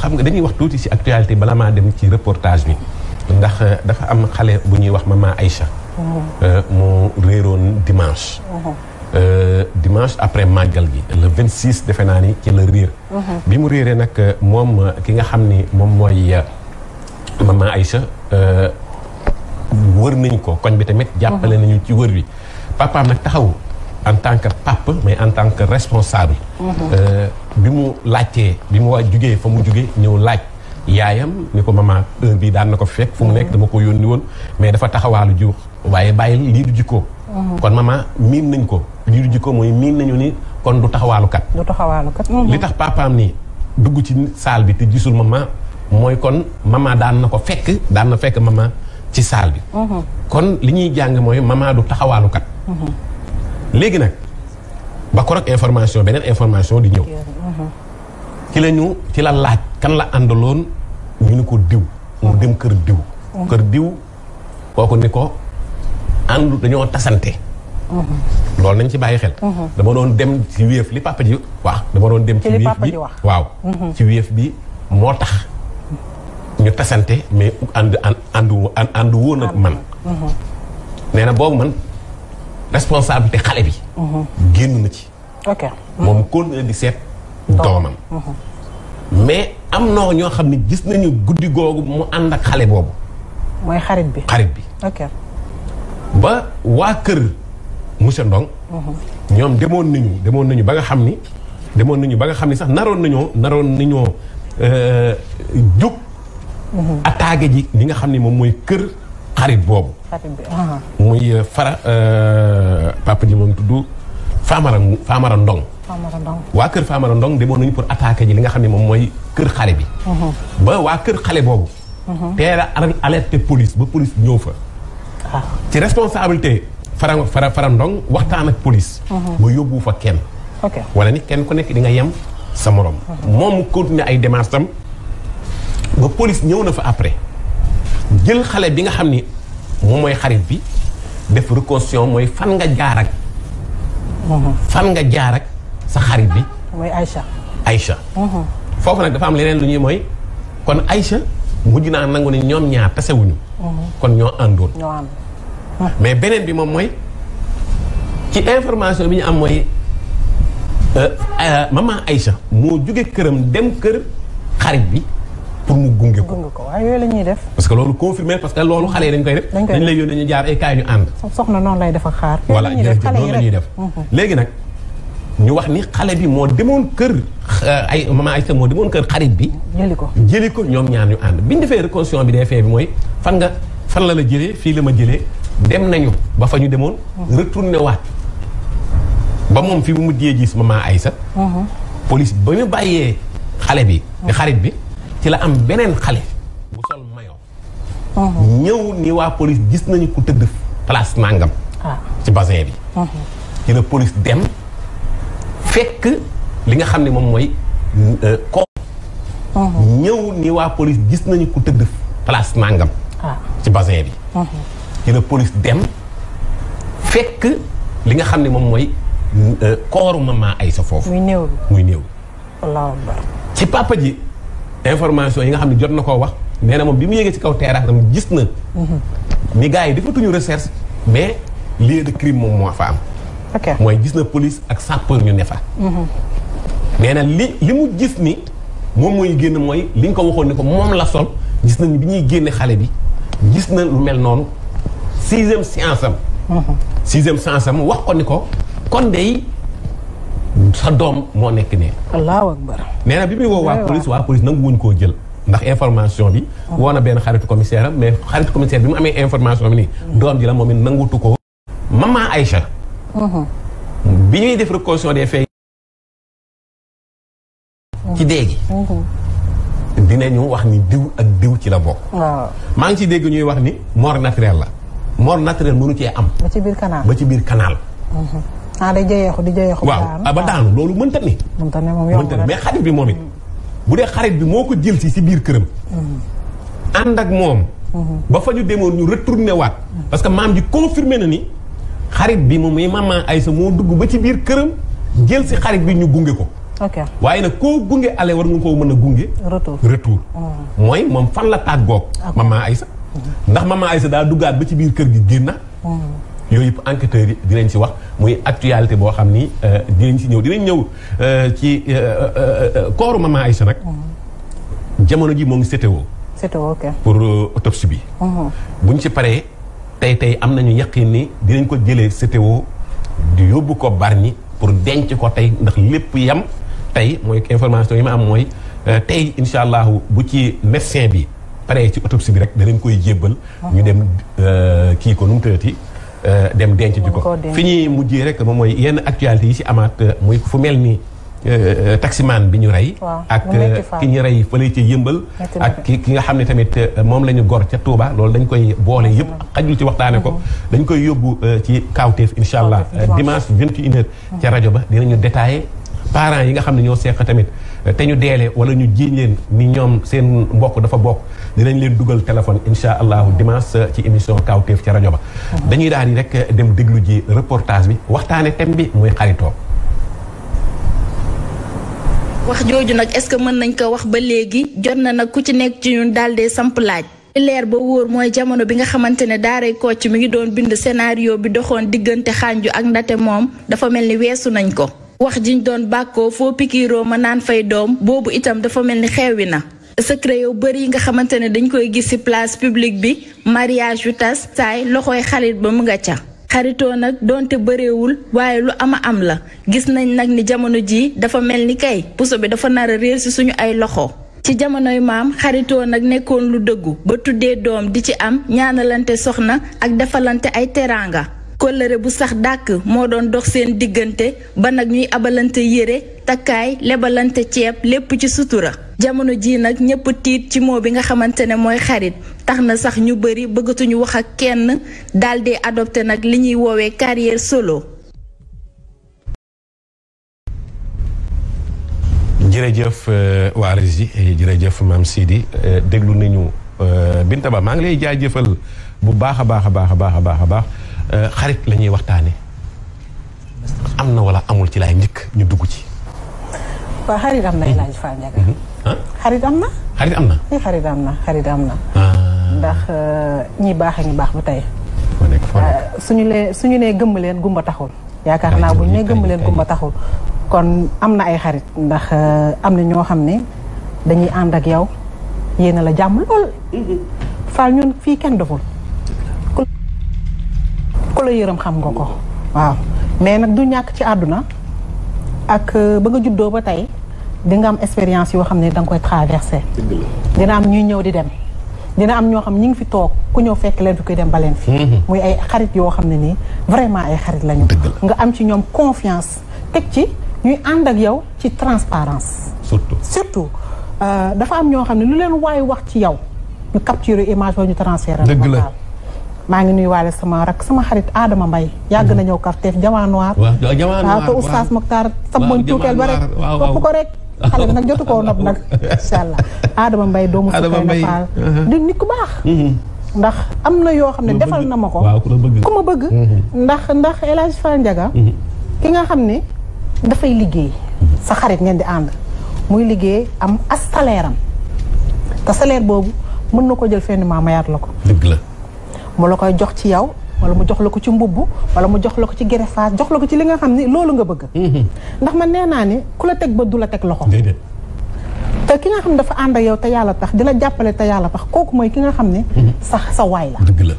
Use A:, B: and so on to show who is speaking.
A: xam nga dañuy wax tuuti ci actualité bala maa dem ci reportage bi ndax euh, dafa am xale bu ñuy wax maman Aïcha euh, moo réeroon dimanche uh-huh. euh, dimanche après màggal gi le 26 defe naa ni ci la réer
B: uh-huh. bi
A: mu réeree nag moom ki nga xam ni moom mooy maman Aïcha wër nañ ko koñ bi tamit uh-huh. jàppale nañu ci wër bi papaam nag taxaw en tant que papa en tant que responsable bi mu laajtee bi mu waa jógee fa mu jugee ñëw laaj yaayam ni ko maman heure bii daan na ko fekk fu mu nekk dama ko yónni woon mais dafa taxawaalu jiw waaye bàyyi lii du jikkoo kon maman miin nañ ko lii du jikkoo mooy miin nañu ni kon du taxawaalukat du taxawaalukat li tax papaam ni dugg ci saal bi te gisul maman mooy kon maman daan na ko fekk daan na fekk maman ci saal bi mhm. kon li ñuy jàng mooy maman du taxawaalukat mhm. léegi nag ba ko rek information beneen information di ñëw. Mhm. ci la ñu ci la laaj kan la àndaloon ñu ni ko diw. mu dem kër diw. Mhm. kër diw kooku ni ko àndu dañoo tasante. Mhm. loolu nañ ci bàyyi xel. dama doon dem ci wéef li papa ji dama doon dem. ci wéef bi waaw. ci wéef bi moo tax ñu tasante mais ànd ànd ànd woon ak man. nee boobu man responsabilité xale bi. Mhm. génn na ci. ok moom continué di seet doomam. Mhm. mais am na ñoo xam ne gis nañu guddi googu mu ànd ak xale boobu. mooy xarit bi xarit bi. ok ba waa kër monsieur Ndong.
B: Mhm.
A: ñoom demoon nañu demoon nañu ba nga xam ni. demoon nañu ba nga xam ni sax naroon nañoo naroon nañoo euh, jóg. ataage ji li nga xam ni moom mooy kër. xarit boobu. muy euh, fara euh, papa di moom tudd Famara Famara Ndong. waa kër Famara Ndong demoon nañu pour attaque ji li nga xam ne moom mooy kër xale bi. Mhm. ba waa kër xale boobu. Mhm. teel a police ba police ñëw fa. Ah. ci responsabilité fara fara fara Ndong waxtaan ak police. Mhm. ba yóbbu fa kenn. wala ni kenn ku nekk di nga yem sa moroom moom mu continuer ay démarches tam ba police ñëw na fa après. jël xale bi nga xam ni moom mooy xarit bi def reconstruction mooy fan nga jaar ak mhm. fan nga jaar ak sa xarit bi mooy Aïcha Aïcha mhm. foofu nag dafa am leneen lu ñuy mooy kon Aïcha mujj naa nangu ne ñoom ñaar tasewuñu mhm. kon ñoo àndoon ah. mais beneen bi moom mooy ci information bi ñu am mooy euh, euh, maman Aïcha moo jóge këram dem kër xarit bi pour mu gunge ko. gunge
B: ko waaye yooyu la ñuy def.
A: parce que loolu confirmé parce que loolu xale yi dañ koy def. dañ koy def dañ lay
B: ñu def mm-hmm.
A: léegi nag ñu wax ni xale bi moo demoon kër euh, ay maman Aïssa moo demoon kër xarit bi. jëli ko jëli ko ñoom ñaar ñu ànd bi ñu defee reconstitution bi defee bi mooy fan nga fan la la jëlee fii la ma jëlee dem nañu ba fa ñu demoon. Mm-hmm. retourné waat ba moom fi mu mujjee gis maman Aïssa. Mm-hmm. police ba ñu bàyyee xale bi. xarit bi. ci la am beneen xale bu sol maillot ñëw ni waa police gis nañu ku tëdd place màngam ah. ci bassin bi ci la police dem fekk nga xam ne moom mooy ko ñëw waa police gis nañu ku tëdd place màngam ci bassin bi ci la police dem fekk li nga xam ne moom mooy kooru maman ay sa foofu muy néew muy néew ci papa ji information yi nga xam ne jot na koo wax nee na moom bi mu yéegee ci kaw terrasse am gis na ni gars yi defatuñu recherche mais lieu de crime moom moo fa am mooy gis na police ak sapeur ñu ne fa nee na li li mu gis ni moom mooy génn mooy li ñu ko waxoon ne ko moom la sol gis nañu bi ñuy génne xale bi gis na lu mel noonu sixième séance am mhm. sixième séance am wax ko ni ko kon dey sa doom moo nekk ne
B: allahu akbar
A: nee na bi muy woo waa police waa police nangu wuñ koo jël ndax information bi oh. woo na benn xaritu commissaire am mais xaritu commissaire bi mu amee information bi nii mm. doom ji la moom it nangutu ko maman Aïcha mm-hmm. bi ñuy def reconstitution des faits
B: mm-hmm. ci déegi mm-hmm.
A: dinañu wax ni diw ak diw ci la bokk maa ngi ciy dégg ñuy wax ni mort naturelle la mort naturelle mënu cee am ba ci biir canal
B: ah day jeyeexu di jeyeexu waaw
A: ah, ba loolu mënta ne mënta ne moom mënta ne mais xarit bi moom it bu dee xarit bi moo ko jël si si biir këram mm-hmm. ànd ak moom mm-hmm. ba fa ñu demoon ñu retourné waat mm-hmm. parce que maam ji confirmé na ni xarit bi moom muy maman Aïssa moo dugg ba ci biir këram jël si xarit bi ñu gunge ko ok waaye nag koo gunge ale war nga koo mën a gunge retour retour
B: mm. mooy
A: moom fan la tàggoog maman Aïssa ndax maman Aïssa daa duggaat ba ci biir kër gi na yooyu yëpp enquêteurs yi dinañ ci wax muy actualité boo xam ni euh, dinañ ci ñëw dinañ ñëw euh, ci euh, kooru maman Aïcha nag.
B: Mm.
A: jamono ji moo ngi sétéwoo. sétéwoo ok pour autopsie bi. Mm-hmm. buñ ci paree tey tey am nañu yaqin ni dinañ ko jëlee sétéwoo di yóbbu ko Bargny pour denc ko tey ndax lépp yam tey mooy information yi ma am mooy tey incha allahu bu ci médecin bi paree ci autopsie bi rek danañ koy jébbal. Mm-hmm. ñu dem kii ko nu mu Euh, dem denc ji ko fi ñuy mujjee rek moom mooy yenn actualité yi ci amaat euh, muy fu mel ni euh, taximaan bi ñu rey ak ki ñu rey fële ci yëmbal ak ki ki nga xam ne tamit moom la ñu gor ca Touba loolu dañ koy boole yëpp xajul ci waxtaane ko mm-hmm. dañ koy yóbbu ci kawteef insha allah dimanche vingt et ca rajo ba dinañu détaillé parent yi nga xam ne ñoo seeq tamit euh, te ñu deelee wala ñu jiiñ leen ni ñoom seen mbokk dafa bokk dinañ leen dugal téléphone insha allahu dimanche euh, ci émission Kawtef ci rajo ba dañuy daal di rek euh, dem déglu ji reportage bi waxtaane thème bi muy xaritoo
C: wax jooju nag est-ce que mën nañ ko wax ba léegi jot na nag ku ci nekk ci ñun daal dee samp laaj leer ba wóor mooy jamono bi nga xamante ne daaray Kocc mu ngi doon bind scénario bi doxoon diggante xànju ak ndate moom dafa mel ni weesu nañ ko wax jiñ doon bàkkoo foo pikiiroo ma naan fay doom boobu itam dafa mel ni xewi na secret yow bëri yi nga xamante ne dañ koy gis ci place publique bi mariage yu tas saay loxooy xarit ba mu nga ca xaritoo nag donte bëreewul waaye lu ama am la gis nañ nag ni jamono ji dafa mel ni kay puso bi dafa nar a réer ci suñu ay loxo ci jamonoy maam xaritoo nag nekkoon lu dëggu ba tuddee doom di ci am ñaanalante soxna ak defalante ay teraanga kóllëre bu sax dàkk moo doon dox seen diggante ba nag ñuy abalante yére takkaay lebalante ceeb lépp ci sutura jamono ji nag ñëpp tiit ci moo bi nga xamante ne mooy xarit tax na sax ñu bëri bëggatuñu wax ak kenn daal di adopté nag li ñuy woowee carrière solo.
A: jërëjëf euh, waa Rési jërëjëf maam Sidi euh, déglu nañu euh, Binta Ba maa ngi lay jaajëfal bu baax a baax a baax a baax a baax. xarit la ñuy waxtaane am na wala amul ci laay njëkk ñu dugg ci.
B: waaw xarit am na El Hadj Fall Ndiaga. Mhm. Ah? xarit am na. xarit am na. Eh, xarit am na xarit am ah. ndax euh, ñi baax a ngi baax ba tey. Euh, suñu nee suñu nee gëmm leen gumba taxul. yaakaar naa buñu ne gëmm leen gumba taxul. kon am na ay xarit. ndax euh, am na ñoo xam ne dañuy ànd ak yow yéena la jàmm lool. Mhm. Fall ñun fii kenn doful. la yërëm xam nga ko waaw mais nag du ñàkk ci àdduna ak euh, ba nga juddoo ba tey di nga am expérience yoo xam ne da nga koy traversé dina am ñuy ñëw di dem dina am ñoo xam ñi ngi fi toog ku ñëw fekk leen fi koy dem ba leen fi mm-hmm. muy ay xarit yoo xam ne nii vraiment ay xarit lañu nga am ci ñoom confiance teg ci ñuy ànd ak yow ci transparence surtout surtout euh, dafa am ñoo xam ne lu leen waaye wax ci yow ñu capturer image wa ñu transférer dëgg la maa ngi nuyuwaale sama rak sama xarit Adama Mbaye yàgg na ñëw Kafteef Diamant Noir waaw te oustaz Mokhtar sa moñ tuuteel ba rek topp ko rek xale bi nag jotu ko nopp nag incha Adama Mbaye doomu Soukayna Fall uh-huh. di ku baax mm-hmm. ndax am na yoo xam ne defal na ma ko
A: ku ma bëgg mm-hmm.
B: ndax ndax El Hadj Fall mm-hmm. ki nga xam ne dafay liggéey sa xarit ngeen di ànd muy liggéey am as salaire te salaire boobu mën na ko jël fenn maa mayaat la ko mu la koy jox ci yow wala mu jox la ko ci mbubb wala mu jox la ko ci greffage jox la ko ci li nga xam ni loolu nga bëgg mhm. ndax man nee naa ne ku la teg ba du la teg loxo te ki nga xam ne dafa ànd ak yow te yàlla tax dina jàppale te yàlla tax kooku mooy ki nga xam ni mhm. sax sa waay la